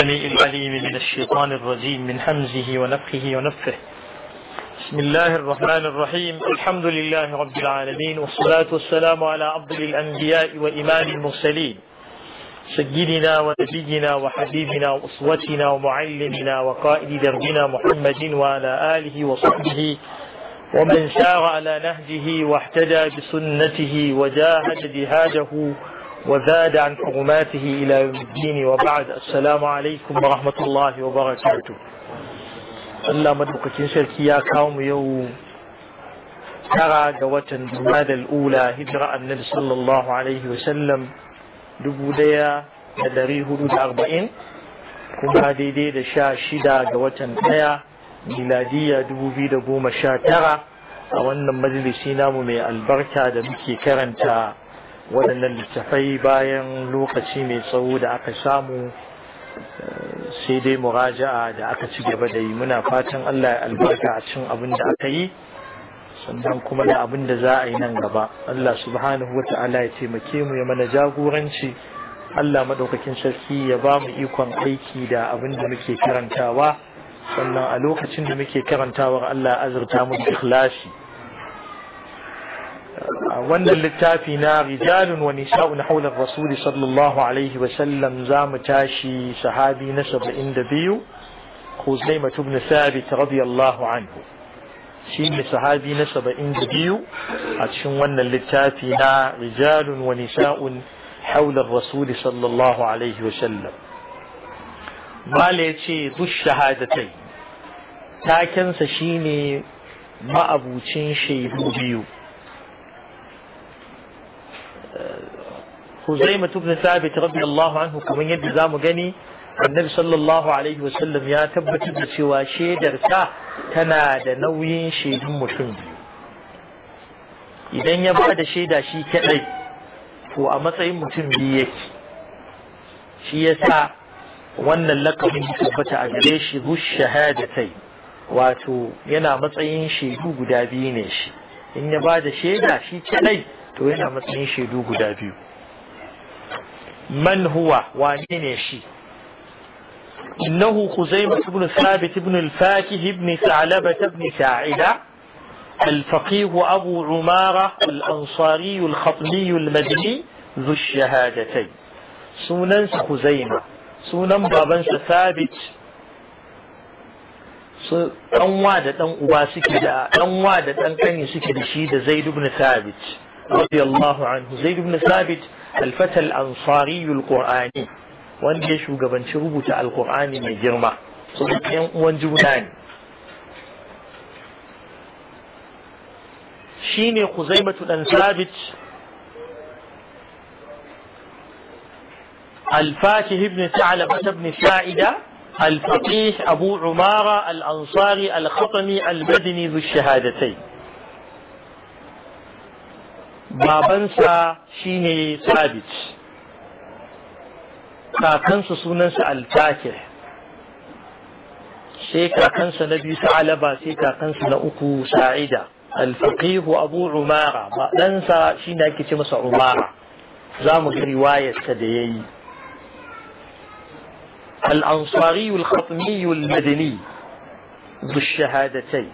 السميع العليم من الشيطان الرجيم من همزه ونفخه ونفه بسم الله الرحمن الرحيم الحمد لله رب العالمين والصلاة والسلام على أفضل الأنبياء وإمام المرسلين سيدنا ونبينا وحبيبنا وأسوتنا ومعلمنا وقائد دربنا محمد وعلى آله وصحبه ومن سار على نهجه واحتجى بسنته وجاهد جهاده وزاد عن حرماته إلى يوم الدين وبعد السلام عليكم ورحمة الله وبركاته Allah madaukakin sarki ya kawo yau tara ga watan Jumada al-Ula hijira annabi sallallahu alaihi wa sallam dubu daya da dari hudu da arba'in kuma daidai da sha shida ga watan daya miladiya dubu biyu da goma sha tara a wannan majalisi mu mai albarka da muke karanta waɗannan littafai bayan lokaci mai tsawo da aka samu eh, sai dai muraja'a da aka ci gaba da yi muna fatan Allah ya albarka a cin abin da aka yi sannan kuma da abin da za a yi nan gaba Allah subhanahu wa ta'ala ya taimake mu ya mana jagoranci Allah maɗaukakin sarki ya ba mu ikon aiki da abin da muke karantawa sannan a lokacin da muke karantawa Allah ya azurta mu ikhlasi وان اللتافي نا رجال ونساء حول الرسول صلى الله عليه وسلم زام تاشي صحابي نسب اندبيو خزيمة بن ثابت رضي الله عنه شين صحابي نسب اندبيو اتشن وان اللتافي رجال ونساء حول الرسول صلى الله عليه وسلم ما ليتشي ذو الشهادتين تاكن سشيني ما أبو شيء بيو Huzaima sabit rabbi allahu anhu kamar yadda za mu gani Annabi sallallahu alaihi wasallam ya tabbatar da cewa shedar ta tana da nauyin shedun mutum idan ya ba da shaida shi kadai to a matsayin mutum biyu yake shi yasa wannan lakabin ya tabbata a gare shi shahadatai wato yana matsayin shaidu guda biyu ne shi in ya ba da shaida shi kadai to yana matsayin shaidu guda biyu man huwa wane ne shi إنه خزيمة بن ثابت بن الفاكه بن ثعلبة بن ساعدة الفقيه أبو عمارة الأنصاري الخطمي المدني ذو الشهادتين سنن خزيمة سنن بابن ثابت ɗan wa da ɗan uba suke da ɗan wa da ɗan kani suke da shi da zaidu ibn thabit رضي الله عنه زيد بن ثابت الفتى الأنصاري القرآني وان ya shugabanci rubuta القرآن من girma su وان جبنان شيني خزيمة بن ثابت الفاتح بن ثعلبة بن ساعدة الفقيه أبو عمارة الأنصاري الخطمي البدني ذو الشهادتين babansa shine sabit kakansa sunansa altakir sai kakansa na biyu sa'alaba sai kakansa na uku sa'ida al alfaqihu abu umara ba ɗansa shine ake ce masa umara za mu ga riwayarsa da yayi al-ansari al-khatmi الخطمي madani bi shahadatayn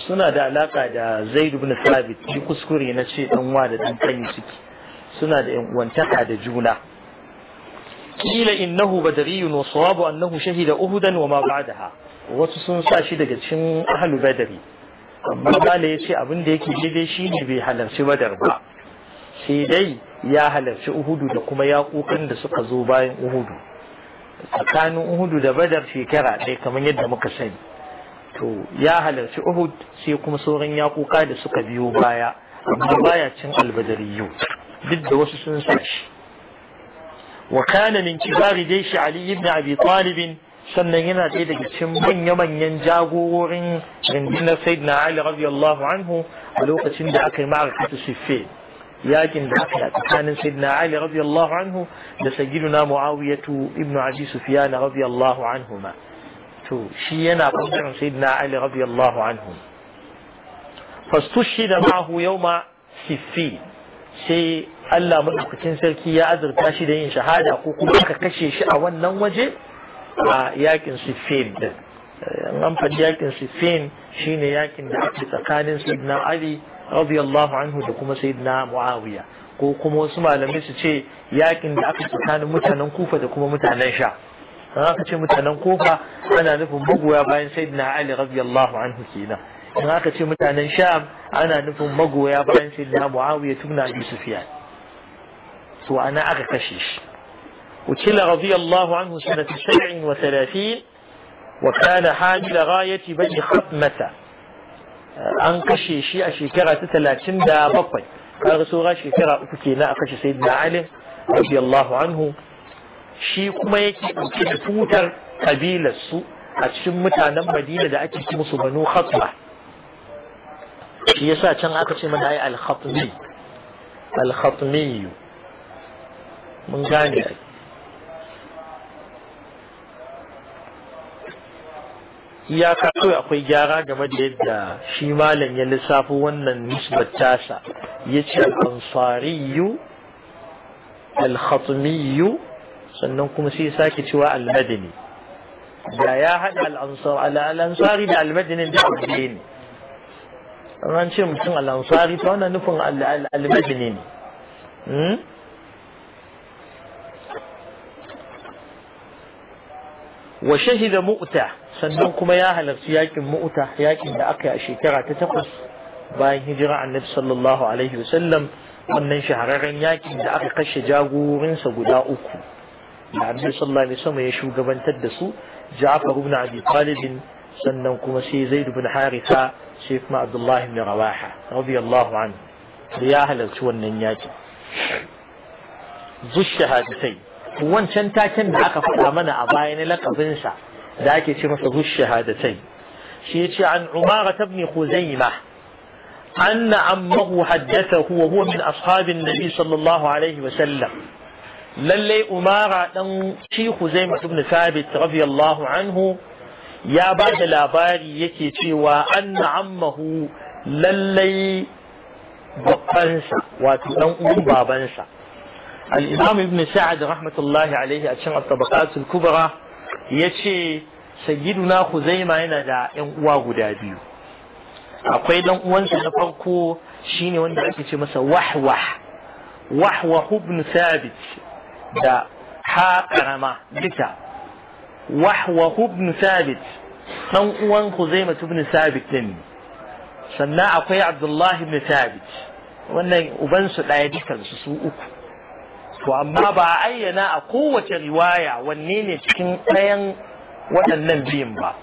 suna da alaka da zaid ibn sabit shi kuskure na ce dan wa da dan kanyi suke suna da yan uwantaka da juna kila innahu badariyun wa sawabu annahu shahida uhudan wa ma ba'daha wasu sun sa shi daga cikin ahlu badari amma bala yace abin da yake shi ne bai halarci badar ba sai dai ya halarci uhudu da kuma yaƙoƙin da suka zo bayan uhudu tsakanin uhudu da badar shekara ɗaya kamar yadda muka sani to ya halarci Uhud sai kuma sauran yakuka da suka biyo baya amma baya cin albadariyu duk da wasu sun sa shi wa kana min kibari dai shi Ali ibn Abi Talib sannan yana ɗaya daga cikin manya-manyan jagororin rundunar Sayyidina Ali radiyallahu anhu a lokacin da aka yi ma'arakatu Siffin yakin da aka yi tsakanin Sayyidina Ali radiyallahu anhu da Sayyidina Muawiyatu ibn Abi Sufyan radiyallahu anhuma to shi yana bangaren sayyidina ali radiyallahu anhu fastushhida ma'ahu ma siffi sai Allah madaukakin sarki ya azurta shi da yin shahada ko kuma aka kashe shi a wannan waje a yakin siffin din an faɗi yakin sifin shine yakin da ake tsakanin sayyidina ali radiyallahu anhu da kuma sayyidina muawiya ko kuma wasu malamai su ce yakin da aka tsakanin mutanen kufa da kuma mutanen sha aka ce mutanen kofa ana nufin magoya bayan sayyidina ali radiyallahu anhu kenan in aka ce mutanen sham ana nufin magoya bayan sayyidina muawiya tunna bi sufyan to ana aka kashe shi وكلا رضي الله عنه سنة سبع وثلاثين وكان حامل غاية بني خطمة an kashe shi a shekara ta talatin da bakwai kaga saura shekara uku kenan a kashe sayyidina ali radiyallahu anhu shi kuma yake ɗauke da tutar kabilarsu a cikin mutanen madina da ake ci su banu khatwa shi yasa can aka ce mana ai al-khatmi al-khatmi mun gane Ya ka akwai gyara game da yadda shi malam ya lissafi wannan nisbar tasa ya ce al-ansariyu al-khatmiyu sannan kuma sai sake cewa al da ya haɗa al-ansar al-ansari da al-madani da abuje ne an ce mutum al'ansari ansari ta wannan nufin al-madani ne hmm? wa shahida mu'ta sannan kuma ya halarci yakin mu'ta yakin da aka yi a shekara ta takwas bayan hijira annabi sallallahu alaihi wasallam wannan shahararren yakin da aka kashe jagorinsa guda uku da annabi sallallahu alaihi wasallam ya shugabantar da su Ja'far ibn Abi Talib sannan kuma sai Zaid ibn Haritha sai kuma Abdullah ibn Rawaha radiyallahu anhu da ya halarci wannan yaki zushahadatai wancan taken da aka faɗa mana a baya na lakabin sa da ake ce masa zushahadatai shi yace an Umara ibn Khuzaimah أن عمه حدثه وهو من أصحاب النبي صلى الله عليه وسلم lallai umara dan shi huzaima ibn thabit radiyallahu anhu ya ba da labari yake cewa anna ammahu lallai babansa wato dan uwan babansa al-imam ibn sa'ad rahmatullahi alaihi a cikin at-tabaqat al-kubra yace sayyiduna huzaima yana da yan uwa guda biyu akwai dan uwansa na farko shine wanda ake ce masa wahwah wahwah ibn thabit da ha karama duka wahwahu ibn sabit dan uwan Khuzaima ibn sabit ne sannan akwai Abdullahi ibn sabit wannan uban su daya su su uku to amma ba a ayyana a kowace riwaya wanne ne cikin ɗayan waɗannan biyun ba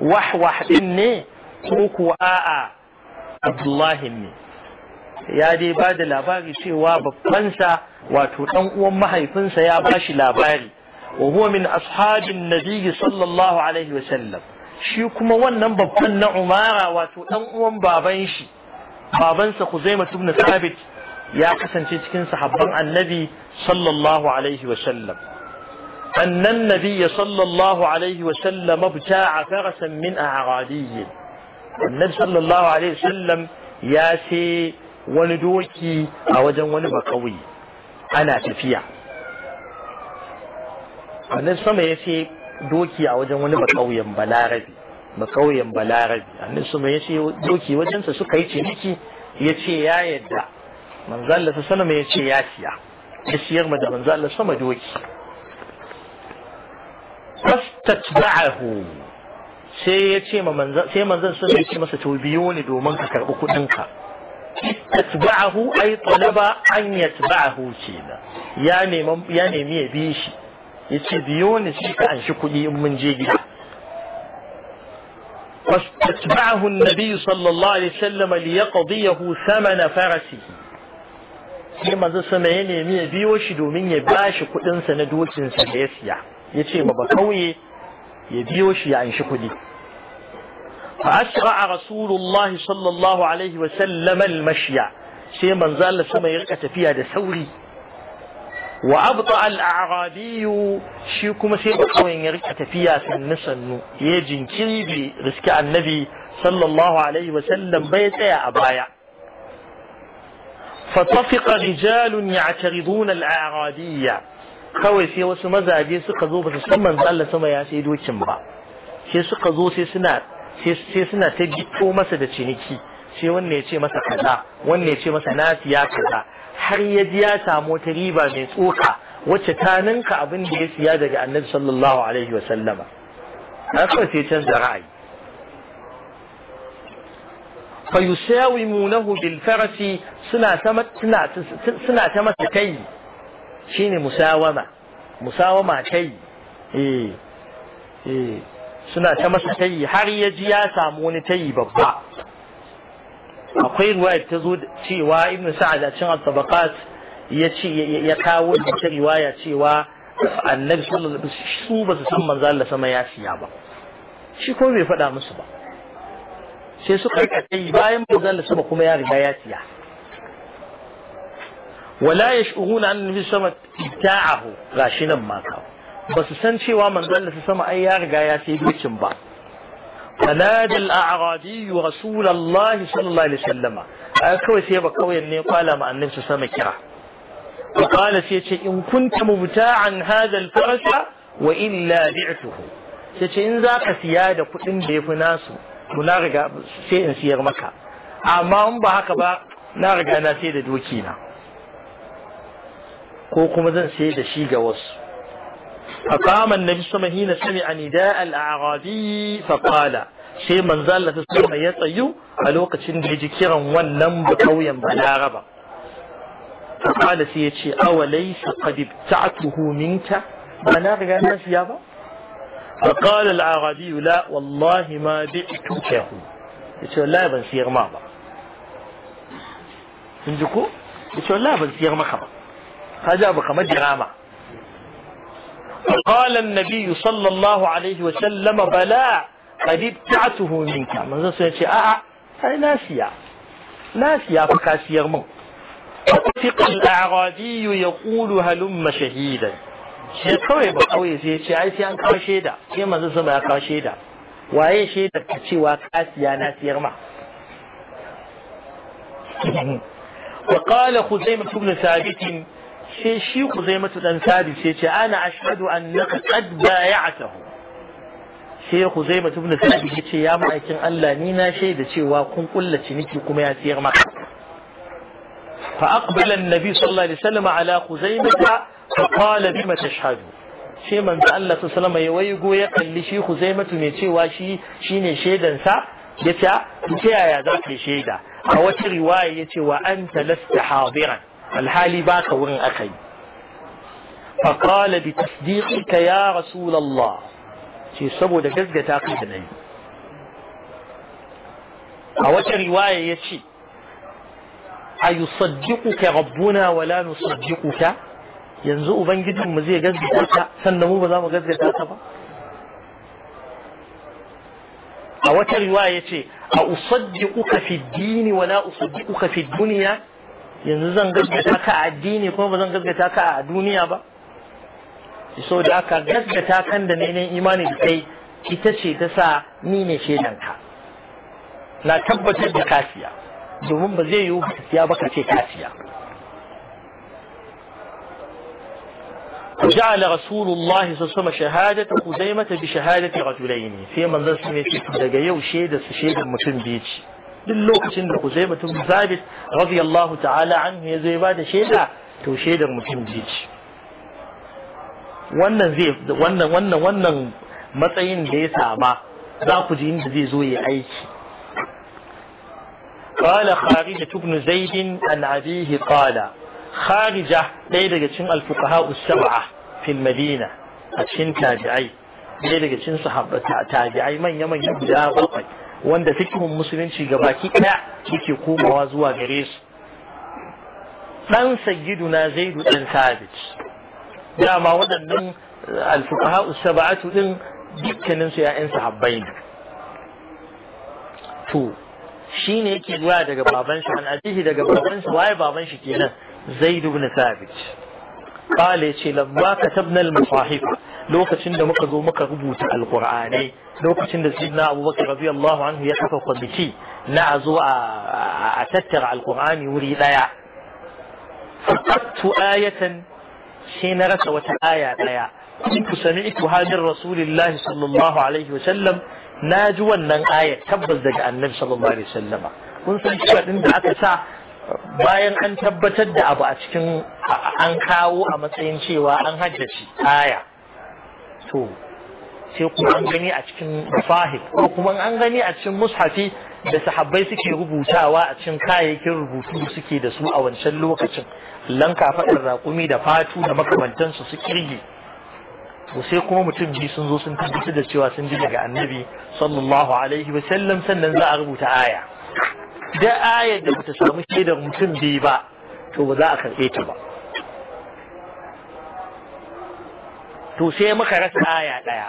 wahwa din ne ko kuwa a'a Abdullahi ne ya dai ba da labari cewa babbansa wato dan uwan mahaifinsa ya ba shi labari wa huwa min ashabin nabiyyi sallallahu alaihi wa sallam shi kuma wannan babban na umara wato dan uwan baban shi babansa Khuzaimah ibn Thabit ya kasance cikin sahabban annabi sallallahu alaihi wa sallam أن النبي صلى الله عليه وسلم ابتاع فرسا من أعرابي النبي صلى الله عليه وسلم ياسي wani doki a wajen wani bakawai ana tafiya annabi sama ya ce doki a wajen wani bakauyen balarabi bakauyen balarabi annabi sama ya ce doki wajensa suka yi ciniki ya ce ya yadda manzo Allah sallallahu ya ce ya siya ya siyar ma da manzo Allah sama doki fastatba'ahu sai ya ce ma manzo sai manzon sun ya ce masa to biyo ne domin ka karbi kudin ka اتبعه اي طلب ان يتبعه شينا يعني نيمم يعني يا نيمي بيشي يشي ديون شيك ان شي كدي ام من جيجي فاتبعه النبي صلى الله عليه وسلم ليقضيه ثمن فرسه sai manzo sama ya nemi ya biyo shi domin ya ba shi kudin sa na dokin sa da فأسرع رسول الله صلى الله عليه وسلم المشي شيء من زال سما يركت تفيا ده ثوري وأبطأ الأعرابي شي كما سي بكوين يرقى تفيا سنسن يجن كريبي رسك النبي صلى الله عليه وسلم بيت يا أبايا فطفق رجال يعترضون الأعرابية kawai sai wasu mazaje suka zo من زال san manzo Allah sama ya sai dokin ba sai suka zo sai suna sai suna ta gito masa da ciniki sai wanne ya ce masa kaza wanne ya ce masa na siya kaza har ya ji ya samu ta riba mai tsoka wacce ta ninka abin da ya siya daga annabi sallallahu alaihi wa sallama na kawai sai canza ra'ayi munahu bil farasi suna ta suna suna ta masa kai shine musawama musawama kai eh eh suna ta masa tayi har ya ji ya samu wani tayi babba akwai riwaya ta zo cewa ibn sa'ad a cikin al-tabaqat ya ce ya kawo da riwaya cewa annabi sallallahu alaihi wasallam su ba su san manzo Allah sama ya siya ba shi ko bai faɗa musu ba sai suka rika tayi bayan manzo Allah sama kuma ya riga ya siya wala yash'uruna annabi sama ta'ahu gashi nan ma kawo ba su san cewa manzon da su sama ai ya riga ya sai dokin ba فنادى الأعرابي رسول الله صلى الله عليه وسلم أكوي سيبا كوي أني قال ما أنم سسام كرا وقال سيتي إن كنت مبتاعا هذا الفرس وإلا بعته سيتي إن ذاك سيادة كتن بيف ناسو منارغا سيئن سير مكة أما أم بحق با نارغا ناسيد دوكينا ko kuma zan sai da shi ga wasu فقام النبي صلى الله عليه وسلم سمع نداء الأعرابي فقال شيء من ذا الذي صلى الله عليه وسلم قالوا كتن بيجي كيرا ونم بقويا بالعربة فقال سيتشي أوليس قد ابتعته منك أنا غير الناس يابا فقال الأعرابي لا والله ما بعتك يقول لا يبن سيغ ما با من جكو يقول لا يبن سيغ ما خبا خجابك ما جرامه قال النبي صلى الله عليه وسلم بلاء قد ابتعته منك ما زال سيأتي هذه ناسية ناسية ناسيا فكاسي يغمو فتق يقول هلم شهيدا شيء شكوي بقوي سيأتي أعا سيأن كاشيدا كما زال سيأتي أعا كاشيدا وأي شيء تكتشي وكاسيا ناسيا يرمى وقال خزيمة بن ثابت sai shi Khuzaimatu dan Sabit sai ce ana ashhadu annaka qad bay'atahu sai Khuzaimatu ibn Sabit ya ce ya ma'aikin Allah ni na shaida cewa kun kulla ciniki kuma ya siyar maka fa aqbala an-nabi sallallahu alaihi wasallam ala Khuzaimata fa qala bima tashhadu sai manzo Allah sallallahu alaihi wasallam ya waigo ya kalli shi Khuzaimatu mai cewa shi shine shaidan sa ya ce ta yaya za ka shaida a wata riwaya ya ce wa anta lasta hadiran الحالي باك وين أخي فقال بتصديقك يا رسول الله شي سبو دا جزجة تاقيد نعي رواية يشي أيصدقك ربنا ولا نصدقك ينزو بنجدهم مزيه جزجة تاقيد سنمو بزام جزجة تاقيد أوش رواية يشي أصدقك في الدين ولا أصدقك في الدنيا yanzu zan gaskata ka a addini kuma ba zan gaskata ka a duniya ba so da aka gaskata kan da neman imani da kai ita ce ta sa ni ne shaidanka na tabbatar da kasiya domin ba zai yiwu kasiya ba ka ce kasiya جعل رسول الله صلى الله عليه وسلم شهادة خزيمة بشهادة رجلين في منزل سنة تدقى su شيدة mutum متن ci. duk lokacin da kusai mutum sabis radiyallahu ta'ala an ya zai ba da shaida to shaidar mutum zai wannan matsayin da ya sama za ku ji inda zai zo ya aiki qala kharija ibn zaid an abihi qala kharija ɗaya daga cikin alfuqaha usba'a fil madina a cikin tabi'ai dai daga cikin sahabbai tabi'ai manya manya guda bakwai wanda fikihun musulunci ga baki ɗaya yake komawa zuwa gare su ɗan na zaidu ɗan sabit dama waɗannan eh, alfuqaha'u sab'atu din dukkanin su ya'yan sahabbai ne to ne yake zuwa daga baban shi an ajihi daga baban shi waye baban shi kenan zaidu ibn sabit qala yace lamma katabna al-musahif lokacin da muka zo muka rubuta alqur'anai lokacin da sayyidina abubakar radiyallahu anhu ya kafa kwamiti na a zo a tattara alkur'ani wuri daya fatattu ayatan sai na rasa wata aya daya kuntu sami'tu hadir rasulillahi sallallahu alaihi wa sallam na ji wannan aya tabbas daga annabi sallallahu alaihi sallama. kun san sharadin da aka sa bayan an tabbatar da abu a cikin an kawo a matsayin cewa an haddace aya to sai kuma an gani a cikin fahim ko kuma an gani a cikin mushafi da sahabbai suke rubutawa a cikin kayayyakin rubutu suke da su a wancan lokacin ka faɗin raƙumi da fatu da makamantansu su kirge to sai kuma mutum biyu sun zo sun tabbatar da cewa sun ji daga annabi sallallahu alaihi wa sallam sannan za a rubuta aya da ayar da bata samu shaidar mutum biyu ba to ba za a karɓe ta ba to sai muka rasa aya daya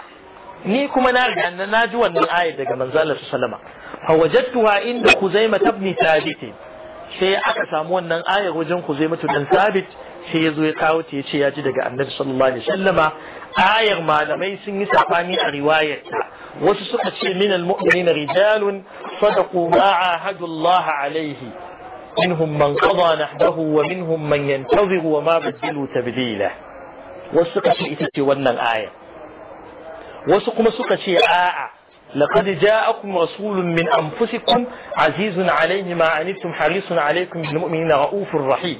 ni kuma na riga na ji wannan ayar daga manzalar sallama fa wajadtuha inda Khuzaimah ibn Thabit sai aka samu wannan ayar wajen Khuzaimah dan sabit sai ya zo ya kawo ta yace ya ji daga Annabi sallallahu alaihi wasallama ayar malamai sun yi sabani a riwayar wasu suka ce min almu'minin rijalun sadaqu ma ahadu Allah alaihi منهم من قضى نحبه ومنهم من ينتظر وما بدلوا تبديله wasu suka ce ita ce wannan aya wasu kuma suka ce a'a laqad ja'akum rasulun min anfusikum azizun alayhi ma anittum harisun alaykum bil mu'minina raufur rahim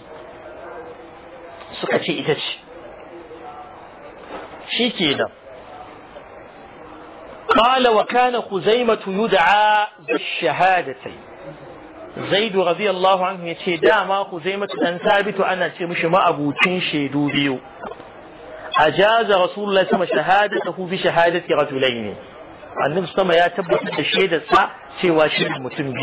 suka ce ita ce shikenan قال وكان خزيمة يدعى بالشهادتين زيد رضي الله عنه يتي داما خزيمة أن ثابت أنا تمشي ما أبو تنشي دو بيو أجاز رسول الله صلى الله عليه وسلم شهادته شهادة رجلين أن sama يا تبت da shaidarsa cewa shi mutum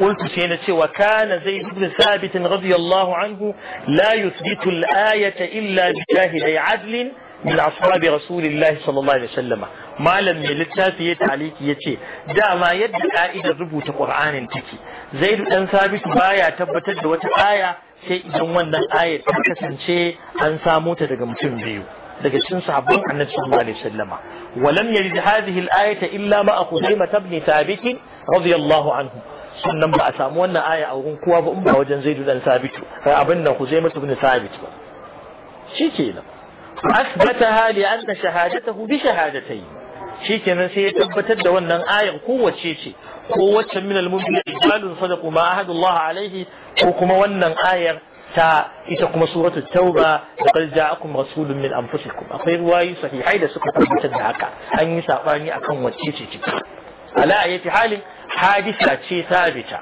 قلت سينا سوى كان زيد بن ثابت رضي الله عنه لا يثبت الآية إلا بشاهد عدل من أصحاب رسول الله صلى الله عليه وسلم ما لم يلتاف يتعليك يتي دا ما يدعى إذا ربوت قرآن تكي زيد بن ثابت بايا تبتد آية sai idan wannan ayar ta kasance an samota ta daga mutum biyu daga cikin sahabban annabi sallallahu alaihi wasallama walam yarid hadhihi al-ayata illa ma Khuzaimah ibn Thabit radiyallahu anhu sannan ba a samu wannan aya a wurin kowa ba in ba wajen zaidu dan Thabit abin nan Khuzaimah ibn Thabit ba shikenan asbataha li anna shahadatahu bi shahadatayn shikenan sai ya tabbatar da wannan ayar kowace ce ko wacce min al-mu'minin rijalun sadaqu ma ahadullah alaihi ko kuma wannan ayar ta ita kuma suratu tauba laqad ja'akum rasulun min anfusikum akwai ruwayi sahihai da suka tabbata da haka an yi sabani akan wacce ce ce ala ayati halin hadisa ce sabita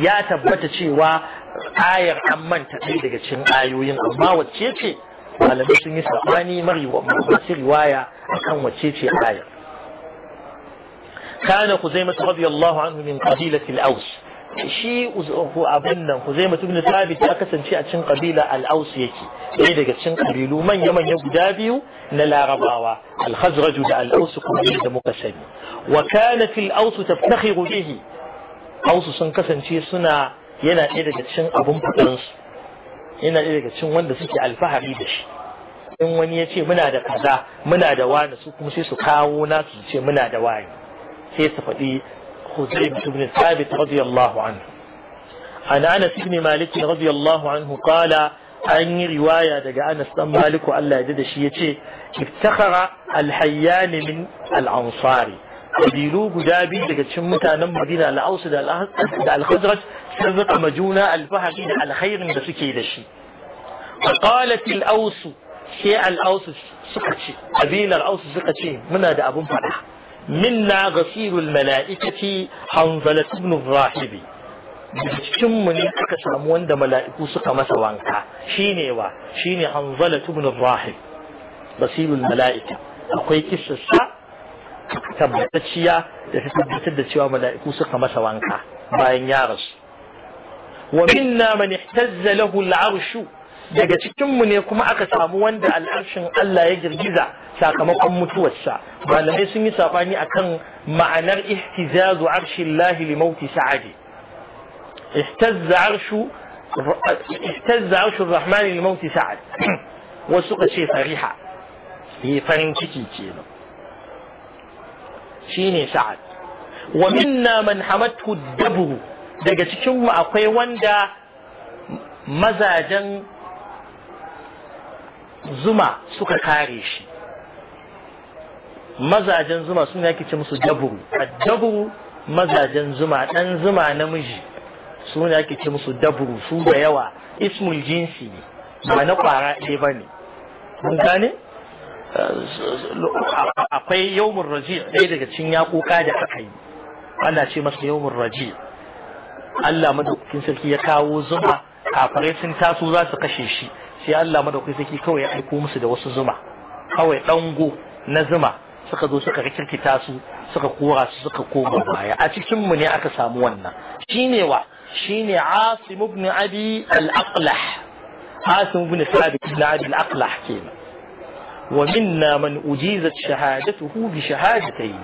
ya tabbata cewa ayar an manta ɗaya daga cikin ayoyin amma wacce ce malamai sun yi sabani mari masu riwaya akan wacce ce ayar kana kuzaimatu radiyallahu anhu min al-aws shi ko abin nan ku zai mutum sabit ya kasance a cin kabila al'ausu yake ɗaya daga cin kabilu manya manya guda biyu na larabawa al da al kuma da muka sani wa kana fil aus taftakhiru bihi aus sun kasance suna yana ɗaya daga cin abun fadin su yana ɗaya daga cin wanda suke alfahari da shi in wani ya ce muna da kaza muna da wani su kuma sai su kawo nasu su ce muna da wani sai su faɗi خزيمة بن ثابت رضي الله عنه عن أنس بن مالك رضي الله عنه قال أني رواية دقى أنس بن مالك وألا يدد شيئتي افتخر الحيان من الأنصار قبيلو قدابي دقى شمتا نم دينا الأوسد الخزرج سبق مجونا الفهر على الخير من بسكي دشي وقالت الأوس هي الأوس سقتي قبيل الأوس سقتي من هذا أبو فرح منا غفير الملائكة حنظلة بن الراحب بشكم من يحكى سلموان ملائكة ملائكو سقى شيني وا شيني حنظلة بن الراحب غفير الملائكة أقوي كيف سسا تبتتشيا تبتتشيا ملائكو سقى مسوانكا باين يارس ومنا من احتز له العرش دا من يكما أكا سلموان الأرش الله يجرجزه sakamakon mutuwarsa malamai sun yi sabani akan ma'anar ihtizazu arshillahi li mauti sa'adi ihtazza arshu ihtazza arshu rahmani li mauti sa'ad wasu ka ce fariha yi farin ciki ke nan, shi ne sa'ad wa minna man hamadhu dabru daga cikinmu akwai wanda mazajen zuma suka kare shi mazajen zuma suna yake ce musu daburu A daburu mazajen zuma ɗan zuma namiji suna yake ce musu daburu su da yawa ismul jinsi ne ba na kwara ɗaya ba ne mun gane akwai yawmur raji ɗaya daga cikin yaƙoƙa da aka yi ana ce masa yawmur raji Allah madaukakin sarki ya kawo zuma kafare sun taso za su kashe shi sai Allah madaukakin sarki kawai ya aiko musu da wasu zuma kawai ɗango na zuma suka zo suka rikirkita su suka kora su suka koma baya a cikin mu ne aka samu wannan shine wa shine Asim ibn Abi al-Aqlah Asim ibn Sa'd ibn Abi al-Aqlah kenan wa minna man ujizat shahadatuhu bi shahadatayn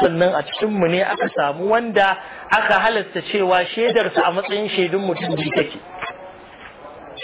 sannan a cikin mu ne aka samu wanda aka halasta cewa shaidarsa a matsayin shaidun mutum biyu take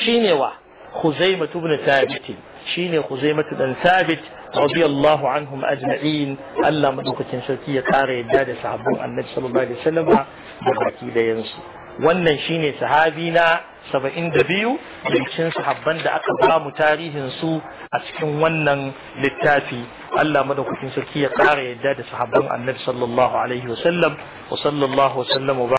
shine wa Khuzaimah ibn Thabit shine Khuzaimah dan Thabit radiyallahu anhum ajma'in Allah madaukakin sarki ya kara yadda da sahabban Annabi sallallahu alaihi wasallam da baki da yansu wannan shine sahabi na 72 cikin sahabban da aka ba mu tarihin su a cikin wannan littafi Allah madaukakin sarki ya kara yadda da sahabban Annabi sallallahu alaihi wasallam wa sallallahu wa sallam